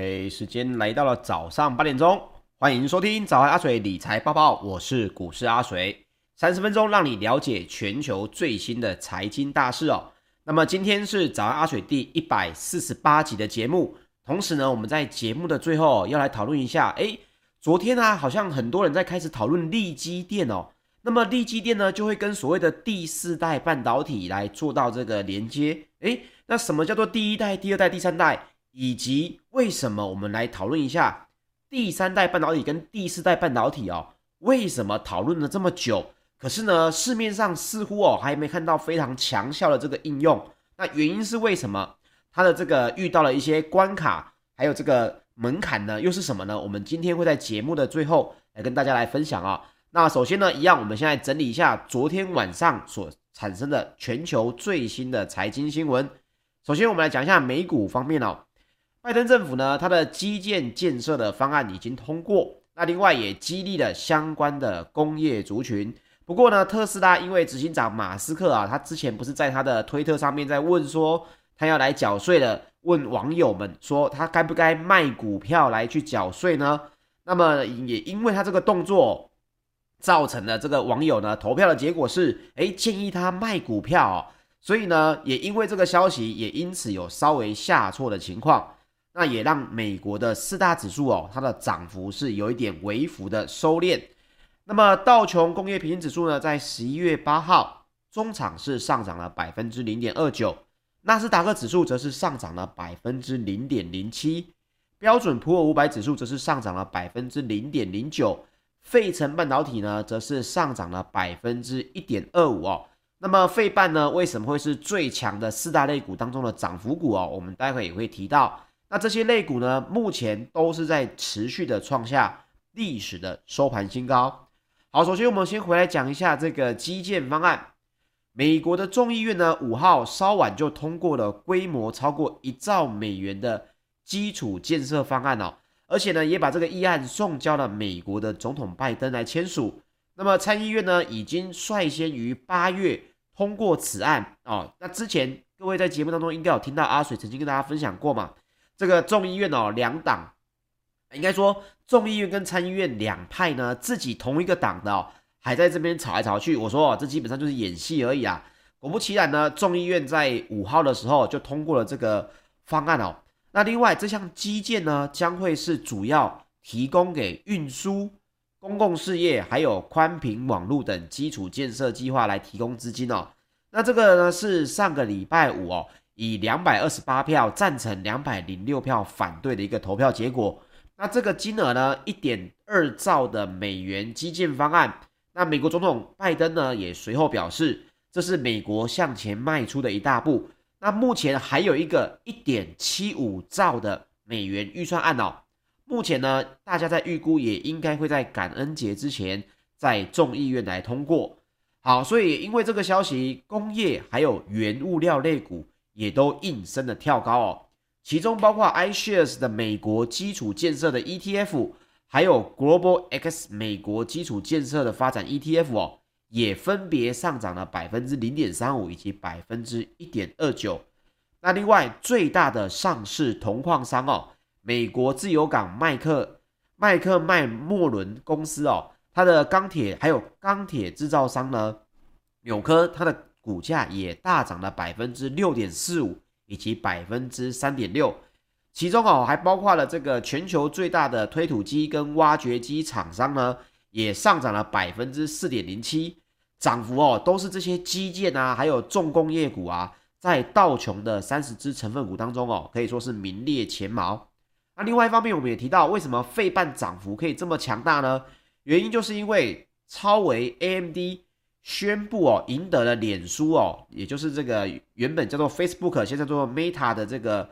哎，時間來到了早上八點鐘，歡迎收聽《早安阿水理財報報》，我是股市阿水，三十分鐘讓你了解全球最新的財經大事哦。那麼今天是《早安阿水》第一百四十八集的節目，同時呢，我們在節目的最後要來討論一下，哎，昨天呢，啊，好像很多人在開始討論利基電哦，那麼利基電呢就會跟所謂的第四代半導體來做到這個連接，哎，那什麼叫做第一代、第二代、第三代？以及為什麼我們來討論一下第三代半導體跟第四代半導體哦，為什麼討論了這麼久，可是呢，市面上似乎哦還沒看到非常強效的這個應用，那原因是為什麼？它的這個遇到了一些關卡，還有這個門檻呢，又是什麼呢？我們今天會在節目的最後來跟大家來分享啊、哦。那首先呢，一樣我們先來整理一下昨天晚上所產生的全球最新的財經新聞。首先我們來講一下美股方面哦。拜登政府呢，它的基建建設的方案已經通過，那另外也激勵了相關的工業族群。不過呢，特斯拉因為執行長馬斯克啊，他之前不是在他的推特上面在問說，他要來繳稅了，問網友們說他該不該賣股票來去繳稅呢？那麼也因為他這個動作，造成了這個網友呢投票的結果是，哎，建議他賣股票哦。所以呢，也因為這個消息，也因此有稍微下挫的情況。那也讓美國的四大指數哦，它的漲幅是有一點微幅的收斂。那麼道瓊工業平均指數呢，在十一月八號，中場是上漲了百分之零點二九，納斯達克指數則是上漲了百分之零點零七，標準普爾五百指數則是上漲了百分之零點零九，費城半導體呢，則是上漲了百分之一點二五哦。那麼費半呢，為什麼會是最強的四大類股當中的漲幅股哦？我們待會也會提到。那這些類股呢，目前都是在持續的創下歷史的收盤新高。好，首先我們先回來講一下這個基建方案。美國的眾議院呢，五號稍晚就通過了規模超過一兆美元的基礎建設方案哦，而且呢，也把這個議案送交了美國的總統拜登來簽署。那麼參議院呢，已經率先於八月通過此案哦。那之前各位在節目當中應該有聽到阿水曾經跟大家分享過嘛。這個眾議院哦，兩黨應該說，眾議院跟參議院兩派呢，自己同一個黨的哦，還在這邊吵來吵去。我說哦，這基本上就是演戲而已啊。果不其然呢，眾議院在五號的時候就通過了這個方案哦。那另外，這項基建呢，將會是主要提供給運輸、公共事業，還有寬頻網絡等基礎建設計劃來提供資金哦。那這個呢，是上個禮拜五哦。以兩百二十八票贊成，兩百零六票反對的一個投票結果。那這個金額呢，一點二兆的美元基建方案。那美國總統拜登呢，也隨後表示，這是美國向前邁出的一大步。那目前還有一個一點七五兆的美元預算案哦。目前呢，大家在預估也應該會在感恩節之前在眾議院來通過。好，所以因為這個消息，工業還有原物料類股，也都應聲的跳高哦，其中包括 iShares 的美國基礎建設的 ETF，還有 Global X 美國基礎建設的發展 ETF 哦，也分別上漲了百分之零點三五以及百分之一點二九。那另外最大的上市銅礦商哦，美國自由港麥克麥克麥莫倫公司哦，它的鋼鐵還有鋼鐵製造商呢，紐科它的。股價也大漲了百分之六點四五以及百分之三點六，其中哦、喔、還包括了這個全球最大的推土機跟挖掘機廠商呢，也上漲了百分之四點零七，漲幅哦、喔、都是這些基建啊，還有重工業股啊，在道瓊的三十只成分股當中哦、喔，可以說是名列前茅。那另外一方面，我們也提到為什麼費半漲幅可以這麼強大呢？原因就是因為超微 AMD。宣布哦，贏得了臉書哦，也就是這個原本叫做 Facebook，現在叫做 Meta 的這個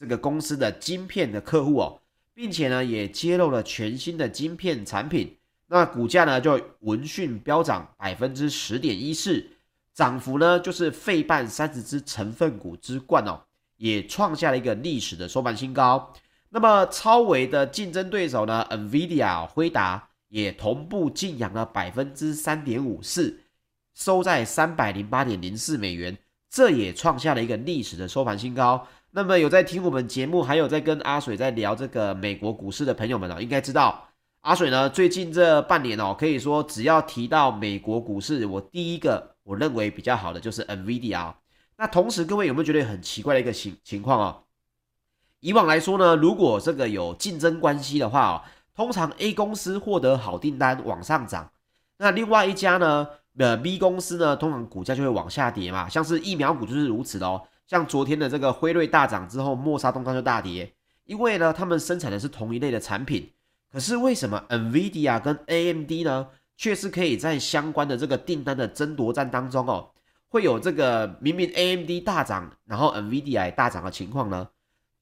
這個公司的晶片的客戶哦，並且呢也揭露了全新的晶片產品。那股價呢就聞訊飆漲百分之十點一四，漲幅呢就是費半三十隻成分股之冠哦，也創下了一個歷史的收盤新高。那麼超微的競爭對手呢，NVIDIA、哦、輝達也同步勁揚了百分之三點五四，收在三百零八點零四美元，這也創下了一個歷史的收盤新高。那麼有在聽我們節目，還有在跟阿水在聊這個美國股市的朋友們呢、哦，應該知道阿水呢最近這半年哦，可以說只要提到美國股市，我第一個我認為比較好的就是 NVDR、哦。那同時，各位有沒有覺得很奇怪的一個情情況啊、哦？以往來說呢，如果這個有競爭關係的話啊、哦。通常 A 公司獲得好訂單往上漲，那另外一家呢？的、呃、B 公司呢？通常股價就會往下跌嘛。像是疫苗股就是如此的哦，像昨天的這個輝瑞大漲之後，默沙東方就大跌。因為呢，他們生產的是同一類的產品。可是為什麼 NVIDIA 跟 AMD 呢，卻是可以在相關的這個訂單的爭奪戰當中哦，會有這個明明 AMD 大漲，然後 NVIDIA 也大漲的情況呢？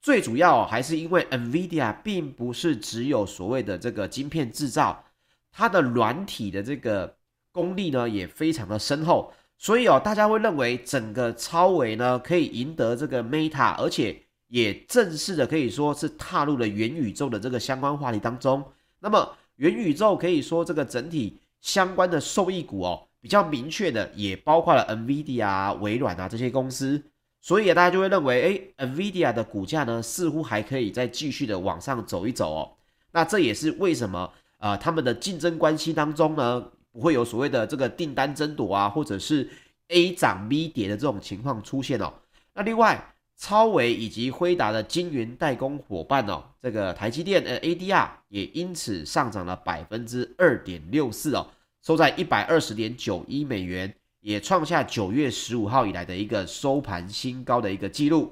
最主要還是因為 Nvidia 並不是只有所謂的這個晶片製造，它的軟體的這個功力呢，也非常的深厚，所以哦，大家會認為整個超微呢可以贏得這個 Meta，而且也正式的可以說是踏入了元宇宙的這個相關話題當中。那麼元宇宙可以說這個整體相關的受益股哦，比較明確的也包括了 Nvidia 啊、微軟啊這些公司。所以啊，大家就會認為，哎、欸、，NVIDIA 的股價呢似乎還可以再繼續的往上走一走哦。那這也是為什麼啊、呃，他們的競爭關係當中呢，不會有所謂的這個訂單爭奪啊，或者是 A 漲 B 跌的這種情況出現哦。那另外，超微以及輝達的晶圓代工夥伴哦，這個台積電的、呃、ADR 也因此上漲了百分之二點六四哦，收在一百二十點九一美元。也創下九月十五號以來的一個收盤新高的一個記錄。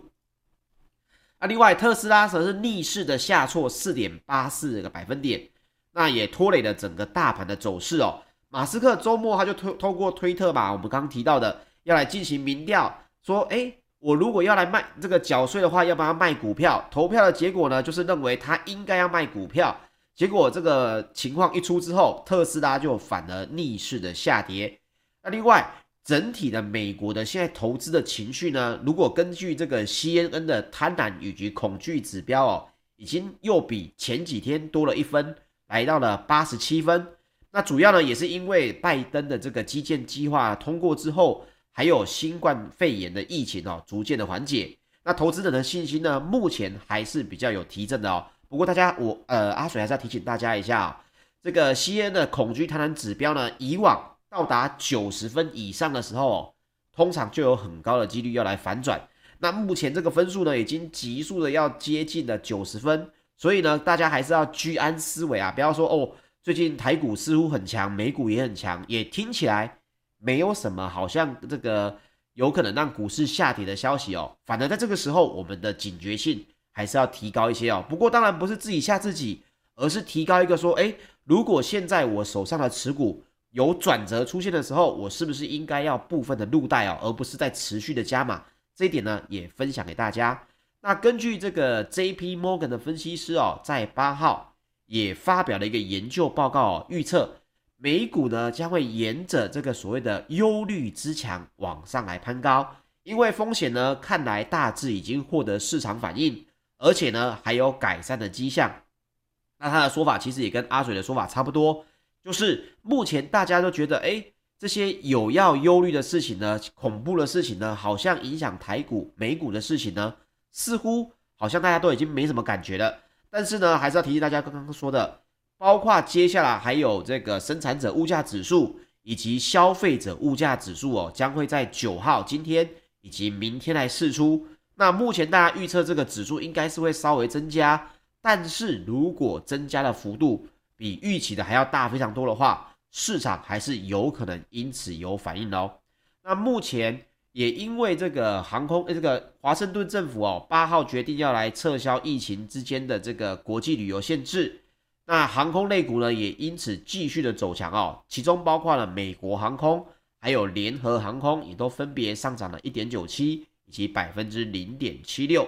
啊，另外特斯拉則是逆勢的下挫四點八四個百分點，那也拖累了整個大盤的走勢哦。馬斯克周末他就推，透過推特嘛，我們剛剛提到的要來進行民調，說誒，我如果要來賣這個繳稅的話，要不要賣股票？投票的結果呢，就是認為他應該要賣股票。結果這個情況一出之後，特斯拉就反而逆勢的下跌。那、啊、另外。整體的美國的現在投資的情緒呢，如果根據這個 CNN 的貪婪以及恐懼指標哦，已經又比前幾天多了一分，來到了八十七分。那主要呢也是因為拜登的這個基建計劃通過之後，還有新冠肺炎的疫情哦，逐漸的緩解。那投資者的信心呢，目前還是比較有提振的哦。不過大家我呃阿水還是要提醒大家一下哦，這個 CNN 的恐懼貪婪指標呢，以往。到達九十分以上的時候，通常就有很高的幾率要來反轉。那目前這個分數呢，已經急速的要接近了九十分，所以呢，大家還是要居安思危啊！不要說哦，最近台股似乎很強，美股也很強，也聽起來沒有什麼，好像這個有可能讓股市下跌的消息哦。反正在這個時候，我們的警覺性還是要提高一些哦。不過當然不是自己嚇自己，而是提高一個說：欸，如果現在我手上的持股，有轉折出現的時候，我是不是應該要部分的入袋哦，而不是在持續的加碼？這一點呢，也分享給大家。那根據這個 JP Morgan 的分析師哦，在八號也發表了一個研究報告哦，預測美股呢將會沿着這個所謂的憂慮之牆往上來攀高，因為風險呢看來大致已經獲得市場反應，而且呢還有改善的跡象。那他的說法其實也跟阿水的說法差不多。就是目前大家都覺得，哎，這些有要憂慮的事情呢，恐怖的事情呢，好像影響台股、美股的事情呢，似乎好像大家都已經沒什麼感覺了。但是呢，還是要提醒大家，剛剛說的，包括接下來還有這個生產者物價指數以及消費者物價指數哦，將會在九號今天以及明天來釋出。那目前大家預測這個指數應該是會稍微增加，但是如果增加的幅度，比預期的還要大非常多的話，市場還是有可能因此有反應哦。那目前也因為這個航空，這個華盛頓政府哦，八號決定要來撤銷疫情之間的這個國際旅遊限制，那航空類股呢，也因此繼續的走強哦。其中包括了美國航空，還有聯合航空，也都分別上漲了一點九七以及百分之零點七六。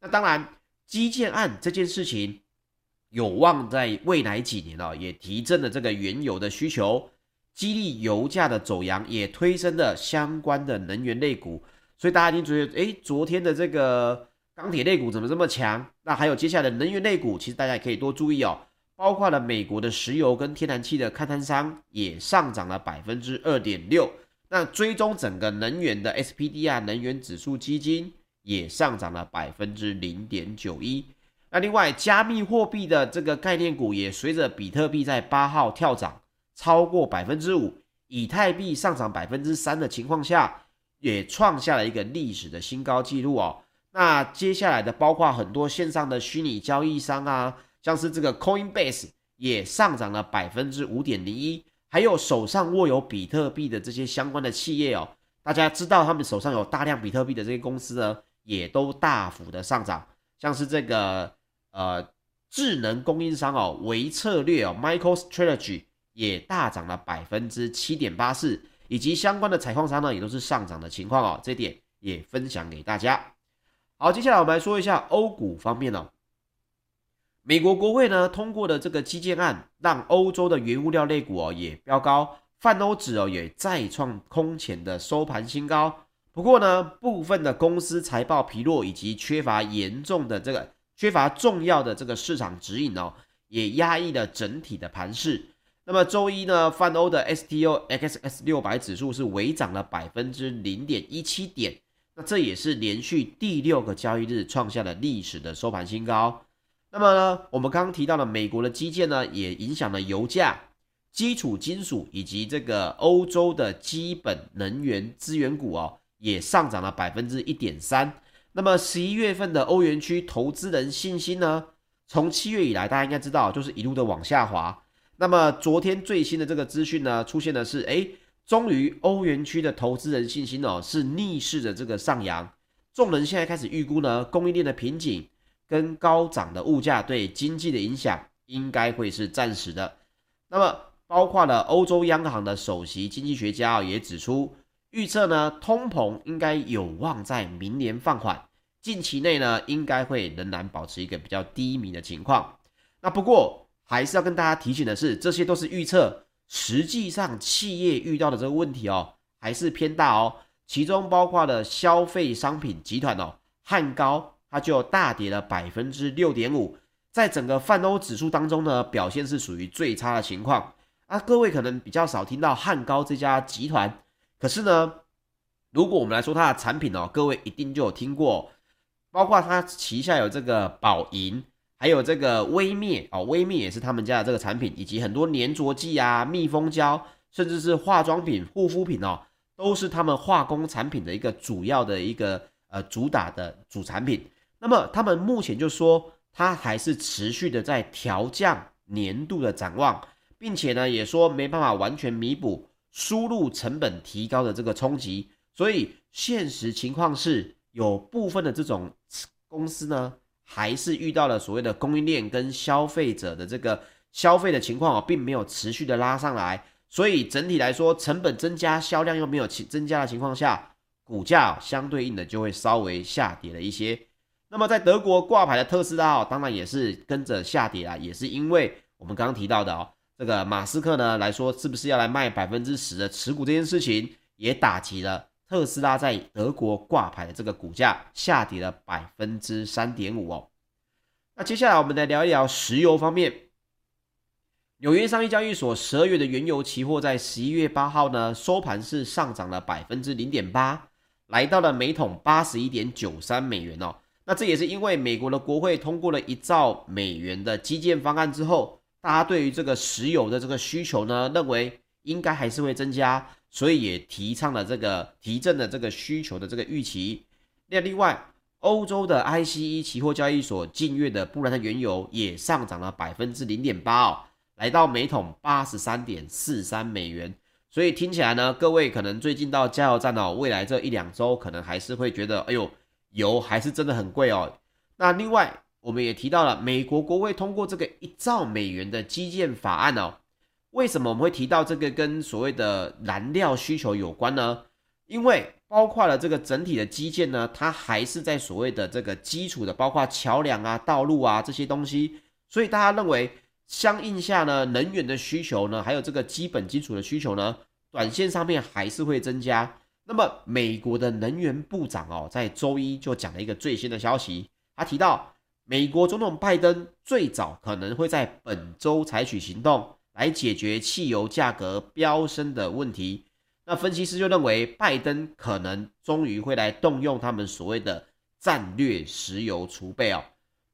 那當然，基建案這件事情。有望在未來幾年啊、哦，也提振了這個原油的需求，激勵油價的走揚，也推升了相關的能源類股。所以大家一定覺得，誒，昨天的這個鋼鐵類股怎麼這麼強？那還有接下來的能源類股，其實大家也可以多注意哦。包括了美國的石油跟天然氣的勘探商也上漲了百分之二點六。那追蹤整個能源的 SPDR 能源指數基金也上漲了百分之零點九一。那另外，加密貨幣的這個概念股也隨着比特幣在八號跳漲超過百分之五，以太幣上漲百分之三的情況下，也創下了一個歷史的新高紀錄哦。那接下來的，包括很多線上的虛擬交易商啊，像是這個 Coinbase 也上漲了百分之五點零一，還有手上握有比特幣的這些相關的企業哦，大家知道他們手上有大量比特幣的這些公司呢，也都大幅的上漲，像是這個。呃，智能供應商哦，微策略哦，MicroStrategy 也大漲了百分之七點八四，以及相關的採礦商呢，也都是上漲的情況哦，這點也分享給大家。好，接下來我們來說一下歐股方面哦，美國國會呢通過的這個基建案，讓歐洲的原物料類股哦也飆高，泛歐指哦也再創空前的收盤新高。不過呢，部分的公司財報疲弱以及缺乏嚴重的這個。缺乏重要的這個市場指引哦，也壓抑了整體的盤勢。那麼周一呢，泛歐的 STOXX600 指數是微漲了百分之零點一七點，那這也是連續第六個交易日創下了歷史的收盤新高。那麼呢，我們剛剛提到了美國的基建呢，也影響了油價、基礎金屬以及這個歐洲的基本能源資源股哦，也上漲了百分之一點三。那麼十一月份的歐元區投資人信心呢，從七月以來，大家應該知道，就是一路的往下滑。那麼昨天最新的這個資訊呢，出現的是，誒，終於歐元區的投資人信心哦，是逆勢的這個上揚。眾人現在開始預估呢，供應鏈的瓶頸跟高漲的物價對經濟的影響，應該會是暫時的。那麼，包括了歐洲央行的首席經濟學家也指出。預測呢，通膨應該有望在明年放緩，近期內呢，應該會仍然保持一個比較低迷的情況。那不過還是要跟大家提醒的是，這些都是預測，實際上企業遇到的這個問題哦，還是偏大哦。其中包括了消費商品集團哦，漢高它就大跌了百分之六點五，在整個泛歐指數當中呢，表現是屬於最差的情況。啊，各位可能比較少聽到漢高這家集團。可是呢，如果我們來說它的產品哦，各位一定就有聽過，包括它旗下有這個寶瀅，還有這個威滅哦，威滅也是他們家的這個產品，以及很多粘着劑啊、密封膠，甚至是化妝品、護膚品哦，都是他們化工產品的一個主要的一個呃主打的主產品。那麼他們目前就說，它還是持續的在調降年度的展望，並且呢，也說沒辦法完全彌補。輸入成本提高的這個衝擊，所以現實情況是有部分的這種公司呢，還是遇到了所謂的供應鏈跟消費者的這個消費的情況並沒有持續的拉上來。所以整體來說，成本增加，銷量又沒有增加的情況下，股價相對應的就會稍微下跌了一些。那麼在德國掛牌的特斯拉當然也是跟着下跌啊，也是因為我們剛剛提到的哦。這個馬斯克呢，來說，是不是要來賣百分之十的持股這件事情，也打擊了特斯拉在德國掛牌的這個股價下跌了百分之三點五哦。那接下來我們來聊一聊石油方面，紐約商業交易所十二月的原油期貨在十一月八號呢，收盤是上漲了百分之零點八，來到了每桶八十一點九三美元哦。那這也是因為美國的國會通過了一兆美元的基建方案之後。大家對於這個石油的這個需求呢，認為應該還是會增加，所以也提倡了這個提振了這個需求的這個預期。那另外，歐洲的 ICE 期貨交易所近月的布蘭特原油也上漲了百分之零點八哦，來到每桶八十三點四三美元。所以聽起來呢，各位可能最近到加油站哦，未來這一兩周可能還是會覺得，哎呦，油還是真的很貴哦。那另外，我們也提到了美國國會通過這個一兆美元的基建法案哦，為什麼我們會提到這個跟所謂的燃料需求有關呢？因為包括了這個整體的基建呢，它還是在所謂的這個基礎的，包括橋梁啊、道路啊這些東西，所以大家認為相應下呢，能源的需求呢，還有這個基本基礎的需求呢，短線上面還是會增加。那麼美國的能源部長哦，在周一就講了一個最新的消息，他提到。美國總統拜登最早可能會在本週採取行動來解決汽油價格飆升的問題。那分析師就認為，拜登可能終於會來動用他們所謂的戰略石油儲備哦。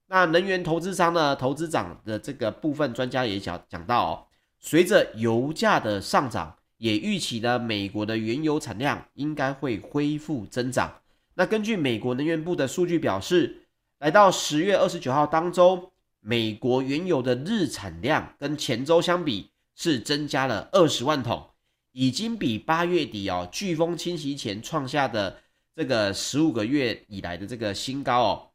那能源投資商呢，投資長的這個部分專家也講講到哦，隨着油價的上漲，也預期呢，美國的原油產量應該會恢復增長。那根據美國能源部的數據表示。來到十月二十九號當周，美國原油的日產量跟前周相比是增加了二十萬桶，已經比八月底哦，颶風侵襲前創下的這個十五個月以來的這個新高哦，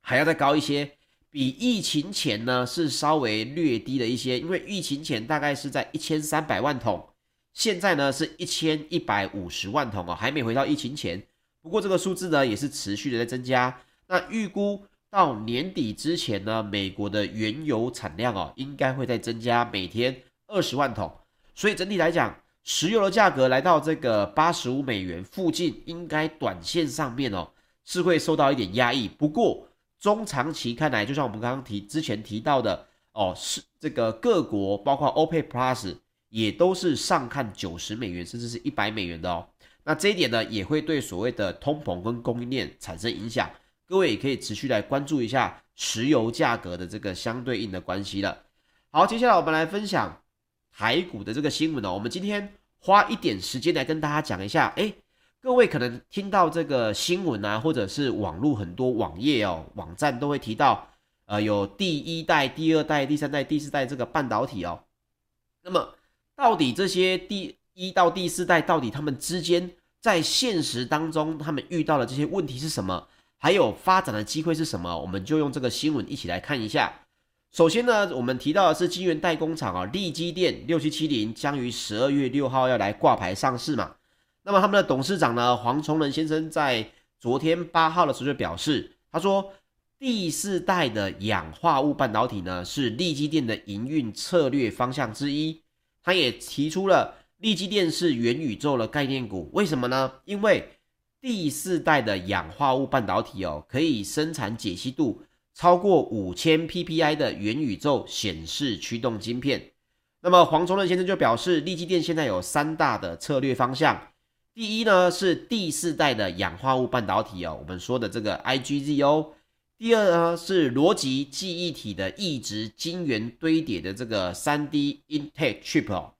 還要再高一些。比疫情前呢是稍微略低了一些，因為疫情前大概是在一千三百萬桶，現在呢是一千一百五十萬桶哦，還沒回到疫情前。不過這個數字呢也是持續的在增加。那預估到年底之前呢，美國的原油產量哦，應該會再增加每天二十萬桶。所以整體來講，石油的價格來到這個八十五美元附近，應該短線上面哦是會受到一點壓抑。不過中長期看來，就像我們剛剛提之前提到的哦，是這個各國包括 OPEC Plus 也都是上看九十美元，甚至是一百美元的哦。那這一點呢，也會對所謂的通膨跟供應鏈產生影響。各位也可以持續來關注一下石油價格的這個相對應的關係了。好，接下來我們來分享台股的這個新聞哦。我們今天花一點時間來跟大家講一下。哎，各位可能聽到這個新聞啊，或者是網絡很多網頁哦、網站都會提到，呃，有第一代、第二代、第三代、第四代這個半導體哦。那麼，到底這些第一到第四代，到底他們之間在現實當中他們遇到的這些問題是什麼？還有發展的機會是什麼？我們就用這個新聞一起來看一下。首先呢，我們提到的是晶圓代工廠啊，力積電六七七零，將於十二月六號要來掛牌上市嘛。那麼他們的董事長呢，黃崇仁先生在昨天八號的時候就表示，他說第四代的氧化物半導體呢，是力積電的營運策略方向之一。他也提出了力積電是元宇宙的概念股，為什麼呢？因為第四代的氧化物半導體哦，可以生產解析度超過五千 PPI 的元宇宙顯示驅動晶片。那麼黃崇仁先生就表示，力積電現在有三大的策略方向：第一呢是第四代的氧化物半導體哦，我們說的這個 IGZO 哦；第二呢是邏輯記憶體的異質晶圓堆疊的這個 3D Integrate Chip 哦；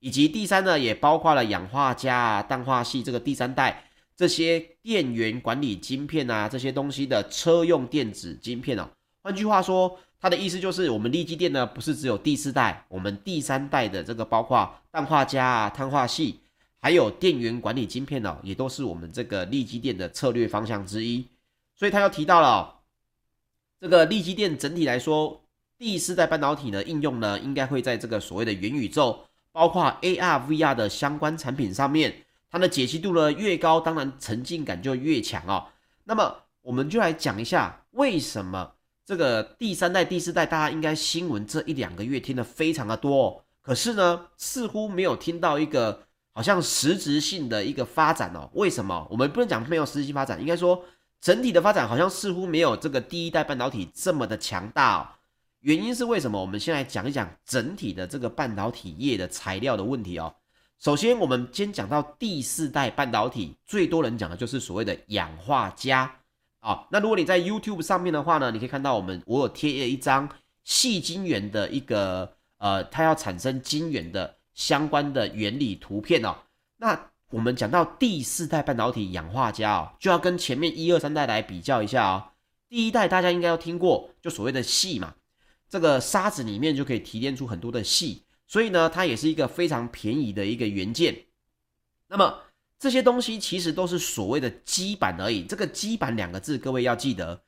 以及第三呢也包括了氧化鎵氮化系這個第三代。這些電源管理晶片啊，這些東西的車用電子晶片啊。換句話說，它的意思就是，我們立基電呢，不是只有第四代，我們第三代的這個包括氮化鎵啊、碳化矽。還有電源管理晶片啊，也都是我們這個立基電的策略方向之一。所以它又提到了，這個立基電整體來說，第四代半導體的應用呢，應該會在這個所謂的元宇宙，包括 AR、VR 的相關產品上面。它的解析度呢，越高，當然沉浸感就越強哦。那麼我們就來講一下，為什麼這個第三代、第四代大家應該新聞這一兩個月聽得非常的多哦。可是呢，似乎沒有聽到一個好像實質性的一個發展哦。為什麼？我們不能講沒有實質性發展，應該說整體的發展好像似乎沒有這個第一代半導體這麼的強大哦。原因是為什麼？我們先來講一講整體的這個半導體業的材料的問題哦。首先，我們先講到第四代半導體，最多人講的就是所謂的氧化鎵啊、哦。那如果你在 YouTube 上面的話呢，你可以看到我們我有貼一張矽晶圓的一個呃，它要產生晶圓的相關的原理圖片哦。那我們講到第四代半導體氧化鎵哦，就要跟前面一二三代來比較一下哦。第一代大家應該要聽過，就所謂的矽嘛，這個沙子裡面就可以提煉出很多的矽。所以呢，它也是一個非常便宜的一個元件。那麼這些東西其實都是所謂的基板而已。這個基板兩個字，各位要記得，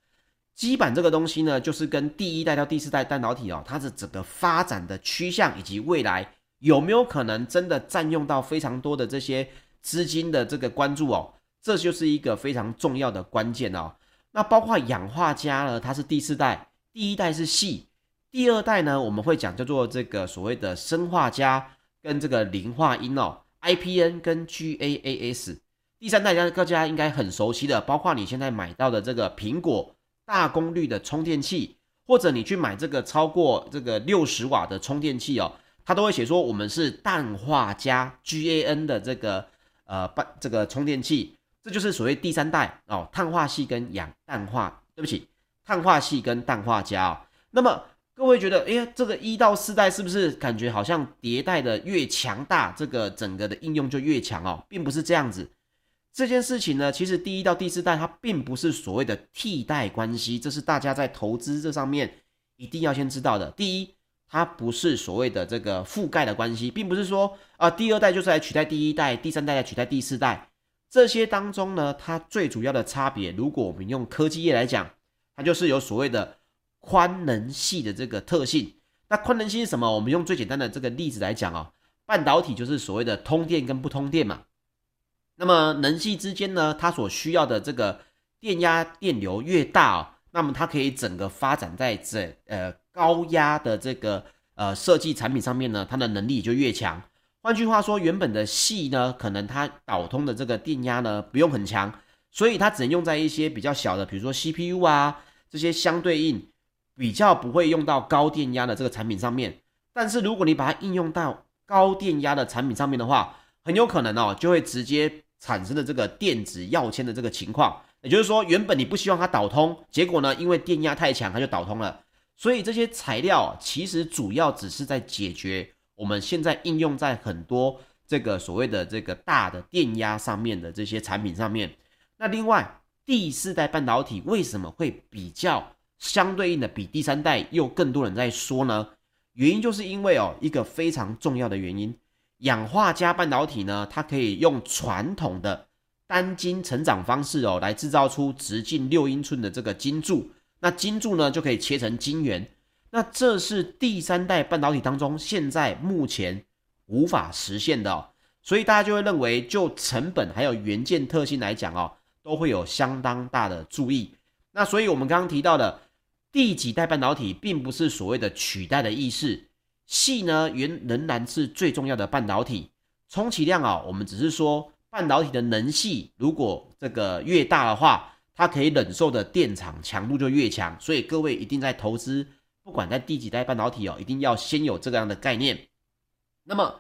基板這個東西呢，就是跟第一代到第四代半導體哦，它的整個發展的趨向以及未來有沒有可能真的佔用到非常多的這些資金的這個關注哦，這就是一個非常重要的關鍵哦。那包括氧化鎵呢，它是第四代，第一代是矽。第二代呢，我們會講叫做這個所謂的砷化鎵跟這個磷化銦哦，IPN 跟 GaAs。第三代，大家應該很熟悉的，包括你現在買到的這個蘋果大功率的充電器，或者你去買這個超過這個六十瓦的充電器哦，它都會寫說，我們是氮化鎵 GaN 的這個呃半這個充電器，這就是所謂第三代哦，碳化矽跟氧氮化，對不起，碳化矽跟氮化鎵哦，那麼。各位覺得，哎呀，這個一到四代是不是感覺好像迭代的越強大，這個整個的應用就越強哦？並不是這樣子。這件事情呢，其實第一到第四代它並不是所謂的替代關係，這是大家在投資這上面一定要先知道的。第一，它不是所謂的這個覆蓋的關係，並不是說啊、呃，第二代就是來取代第一代，第三代來取代第四代。這些當中呢，它最主要的差別，如果我們用科技業來講，它就是有所謂的。寬能隙的這個特性，那寬能隙是什麼？我們用最簡單的這個例子來講哦，半導體就是所謂的通電跟不通電嘛。那麼能隙之間呢，它所需要的這個電壓電流越大哦，那麼它可以整個發展在整呃高壓的這個呃設計產品上面呢，它的能力就越強。換句話說，原本的隙呢，可能它導通的這個電壓呢不用很強，所以它只能用在一些比較小的，比如說 CPU 啊這些相對應。比較不會用到高電壓的這個產品上面，但是如果你把它應用到高電壓的產品上面的話，很有可能哦、喔、就會直接產生的這個電子躍遷的這個情況，也就是說原本你不希望它導通，結果呢因為電壓太強它就導通了，所以這些材料啊其實主要只是在解決我們現在應用在很多這個所謂的這個大的電壓上面的這些產品上面。那另外第四代半導體為什麼會比較？相對應的，比第三代又更多人在說呢，原因就是因為哦，一個非常重要的原因，氧化鎵半導體呢，它可以用傳統的單晶成長方式哦，來制造出直徑六英寸的這個晶柱，那晶柱呢就可以切成晶圓，那這是第三代半導體當中現在目前無法實現的哦，所以大家就會認為就成本還有元件特性來講哦，都會有相當大的注意，那所以我們剛剛提到的。第幾代半導體並不是所謂的取代的意思，系呢原仍然是最重要的半導體。充其量啊、哦，我們只是說半導體的能系如果這個越大的話，它可以忍受的電場強度就越強。所以各位一定在投資，不管在第幾代半導體哦，一定要先有這個樣的概念。那麼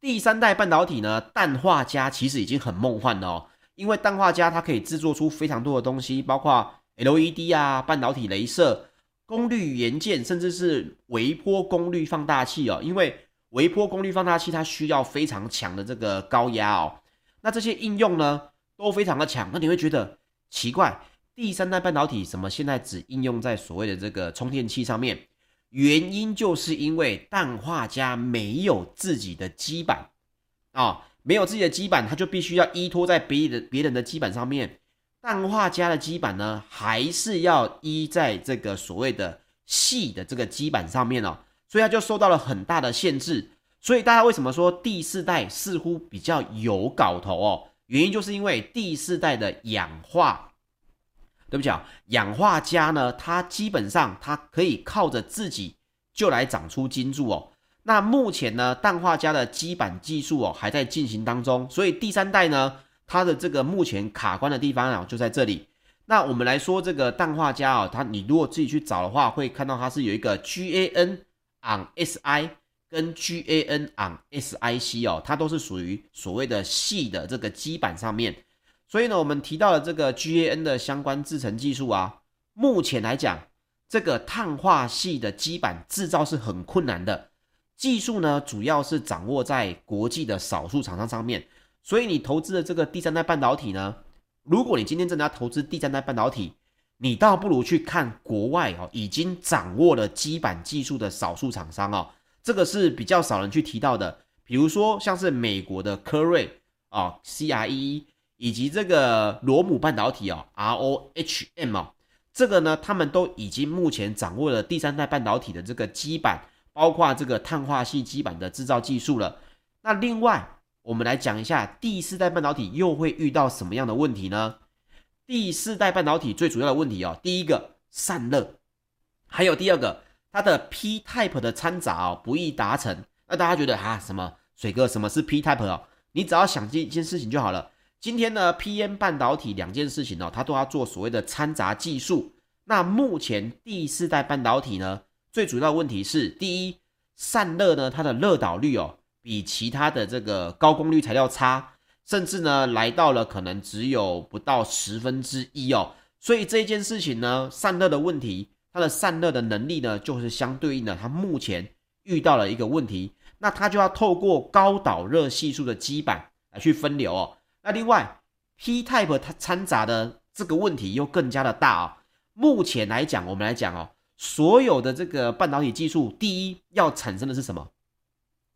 第三代半導體呢，氮化鎵其實已經很夢幻了哦，因為氮化鎵它可以製作出非常多的東西，包括 LED 啊、半導體鐳射。功率元件，甚至是微波功率放大器哦，因為微波功率放大器它需要非常強的這個高壓哦。那這些應用呢，都非常的強。那你會覺得奇怪，第三代半導體什麼現在只應用在所謂的這個充電器上面？原因就是因為氮化鎵沒有自己的基板啊、哦，沒有自己的基板，它就必須要依托在別人的別人的基板上面。氮化鎵的基板呢，還是要依在這個所謂的矽的這個基板上面哦，所以它就受到了很大的限制。所以大家為什麼說第四代似乎比較有搞頭哦？原因就是因為第四代的氧化，對不起啊、哦，氧化鎵呢，它基本上它可以靠着自己就來長出晶柱哦。那目前呢，氮化鎵的基板技術哦還在進行當中，所以第三代呢。它的這個目前卡關的地方啊，就在這裡。那我們來說這個氮化鎵啊，它你如果自己去找的話，會看到它是有一個 GaN on Si 跟 GaN on SiC 哦，它都是屬於所謂的矽的這個基板上面。所以呢，我們提到了這個 GAN 的相關製程技術啊，目前來講，這個碳化矽的基板制造是很困難的，技術呢，主要是掌握在國際的少數廠商上面。所以你投資的這個第三代半導體呢，如果你今天正在投資第三代半導體，你倒不如去看國外哦，已經掌握了基板技術的少數廠商哦，這個是比較少人去提到的。比如說像是美國的科瑞哦，CREE，以及這個羅姆半導體哦，ROHM，哦，這個呢，他們都已經目前掌握了第三代半導體的這個基板，包括這個碳化矽基板的製造技術了。那另外，我們來講一下第四代半導體又會遇到什麼樣的問題呢？第四代半導體最主要的問題哦，第一個散熱，還有第二個它的 p type 的摻雜哦，不易達成。那大家覺得啊，什麼水哥什麼是 p type 哦？你只要想一件事情就好了。今天呢 p n 半導體兩件事情哦，它都要做所謂的摻雜技術。那目前第四代半導體呢，最主要的問題是第一散熱呢，它的熱導率哦。比其他的這個高功率材料差，甚至呢來到了可能只有不到十分之一哦。所以這一件事情呢，散熱的問題，它的散熱的能力呢，就是相對應的，它目前遇到了一個問題，那它就要透過高導熱係數的基板來去分流哦。那另外，P-type 它摻雜的這個問題又更加的大哦。目前來講，我們來講哦，所有的這個半導體技術，第一要產生的是什麼？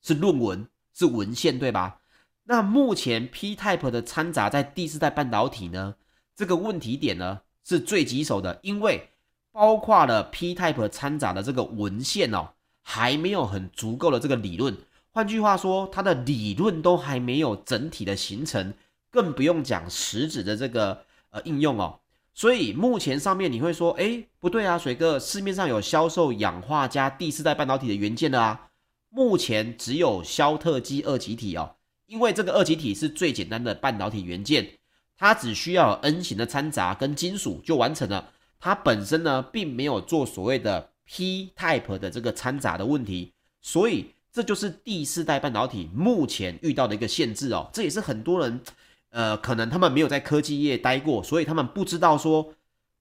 是論文，是文獻，對吧？那目前 P type 的摻雜在第四代半導體呢？這個問題點呢是最棘手的，因為包括了 P type 摻雜的這個文獻哦，還沒有很足夠的這個理論。換句話說，它的理論都還沒有整體的形成，更不用講實質的這個呃應用哦。所以目前上面你會說，哎，不對啊，水哥，市面上有銷售氧化鎵第四代半導體的元件的啊。目前只有肖特基二極體哦，因為這個二極體是最簡單的半導體元件，它只需要有 N 型的摻雜跟金屬就完成了。它本身呢，並沒有做所謂的 P-type 的這個摻雜的問題，所以這就是第四代半導體目前遇到的一個限制哦。這也是很多人，呃，可能他們沒有在科技業待過，所以他們不知道說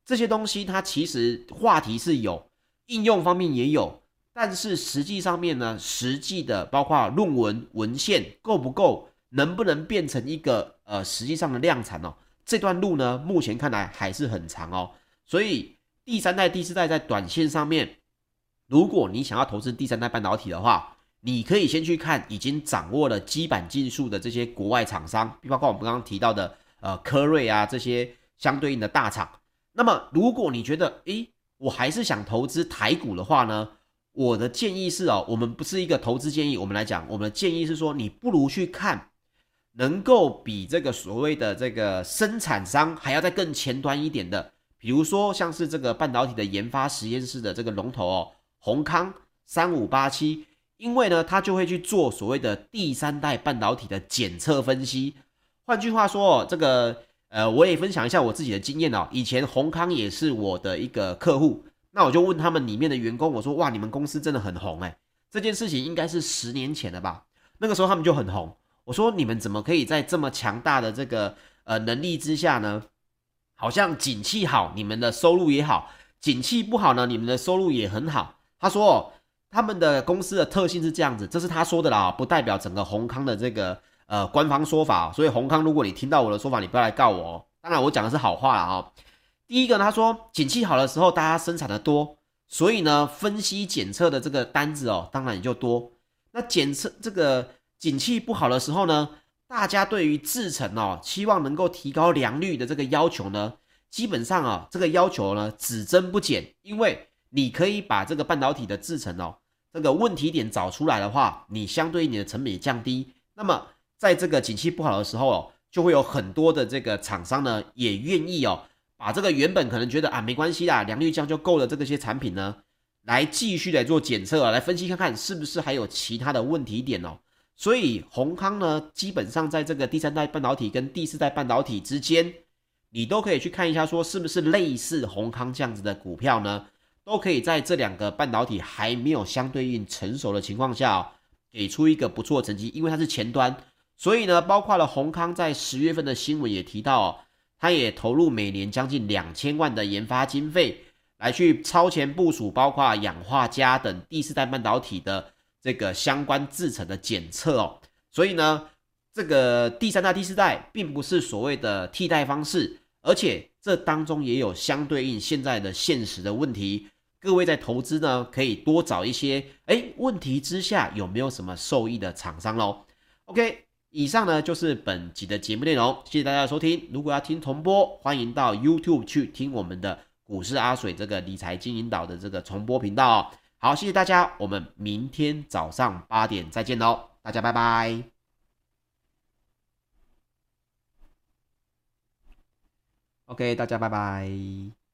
這些東西，它其實話題是有，應用方面也有。但是實際上面呢，實際的包括論文文獻夠不夠，能不能變成一個呃實際上的量產呢，哦？這段路呢，目前看來還是很長哦。所以第三代、第四代在短線上面，如果你想要投資第三代半導體的話，你可以先去看已經掌握了基板技術的這些國外廠商，包括我們剛剛提到的呃科瑞啊這些相對應的大廠。那麼如果你覺得誒我還是想投資台股的話呢？我的建議是哦，我們不是一個投資建議，我們來講，我們的建議是說，你不如去看能夠比這個所謂的這個生產商還要再更前端一點的，比如說像是這個半導體的研發實驗室的這個龍頭哦，閎康三五八七，因為呢，它就會去做所謂的第三代半導體的檢測分析。換句話說哦，這個呃，我也分享一下我自己的經驗哦，以前閎康也是我的一個客戶。那我就問他們裡面的員工，我說哇，你們公司真的很紅誒、欸。這件事情應該是十年前了吧？那個時候他們就很紅。我說你們怎麼可以在這麼強大的這個呃能力，之下呢？好像景氣好，你們的收入也好；景氣不好呢，你們的收入也很好。他說、哦、他們的公司的特性是這樣子，這是他說的啦，不代表整個鴻康的這個呃官方說法。所以鴻康，如果你聽到我的說法，你不要來告我哦。當然我講的是好話了哈。哦第一個，他說，景氣好的時候，大家生產的多，所以呢，分析檢測的這個單子哦，當然也就多。那檢測這個景氣不好的時候呢，大家對於制程哦，期望能夠提高良率的這個要求呢，基本上啊，這個要求呢只增不減。因為你可以把這個半導體的制程哦，這個問題點找出來的話，你相對你的成本也降低。那麼在這個景氣不好的時候哦，就會有很多的這個廠商呢，也願意哦。把、啊、這個原本可能覺得啊沒關係啦，良率降就夠了，這個些產品呢，來繼續來做檢測、啊、來分析看看是不是還有其他的問題點哦。所以宏康呢，基本上在這個第三代半導體跟第四代半導體之間，你都可以去看一下，說是不是類似宏康這樣子的股票呢，都可以在這兩個半導體還沒有相對應成熟的情況下、哦，給出一個不錯的成績，因為它是前端，所以呢，包括了宏康在十月份的新聞也提到、哦。它也投入每年將近兩千萬的研發經費，來去超前部署，包括氧化鎵等第四代半導體的這個相關製程的檢測哦。所以呢，這個第三代、第四代並不是所謂的替代方式，而且這當中也有相對應現在的現實的問題。各位在投資呢，可以多找一些哎問題之下有沒有什麼受益的廠商嘍。OK。以上呢，就是本集的節目內容，謝謝大家的收聽。如果要聽重播，歡迎到 YouTube 去聽我們的股市阿水這個理財經營島的這個重播頻道哦。好，謝謝大家，我們明天早上八點再見嘍，大家拜拜。OK，大家拜拜。